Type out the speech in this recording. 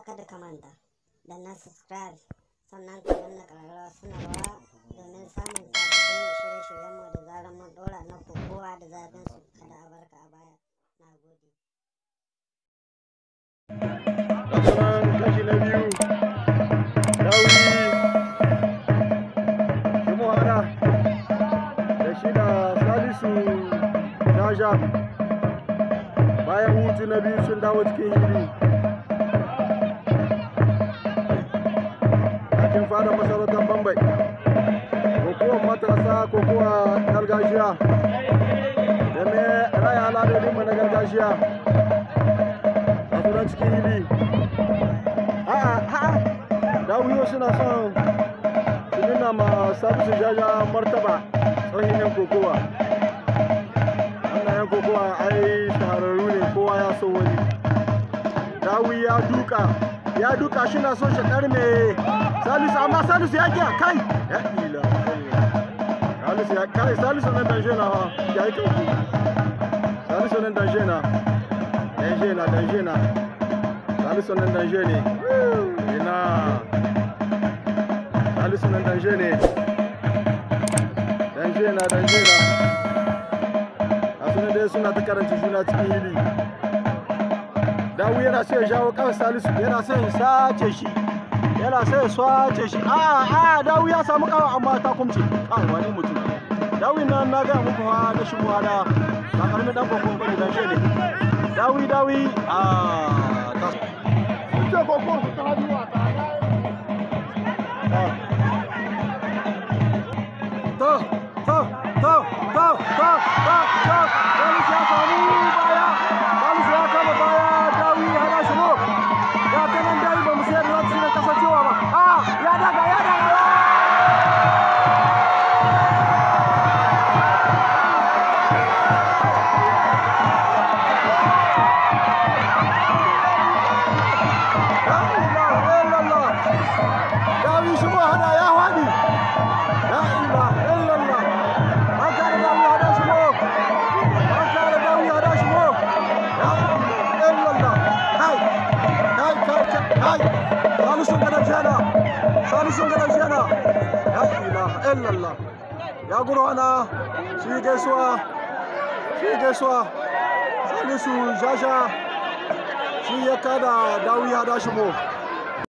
kuma kada ka manta da na subscribe sannan ka danna ƙararrawa sanarwa domin samun shirye-shiryenmu da zarar mun na kowa da su kada a a baya na gode da bayan hutu na biyu sun dawo cikin iri. da masarautar bambai hukumar matasa ko kuwa gargajiya da mai raya al'adodin mu na gargajiya a turan cikin hili a'a a'a dawiyo suna son su nuna ma sabisu jaja martaba tsohon yan kokowa wannan yan kokowa ai shahararru ne kowa ya so wani dawi ya duka ya duka shi na son shi karme Salisu Salisu ya kiya so ya sace shi yana sai swace shi a a dawu ya samu kawa amma ta kumce kai wani mutum dawu nan na ga muku ha da shigowa da ba karamin dan kokon bane dan ne dawu dawu a salisun gadon shana salisun gadon shana ya ilaha illallah ya guro ana shi gaisuwa shi gaisuwa salisu shasha shi ya kada dawiya da shi mo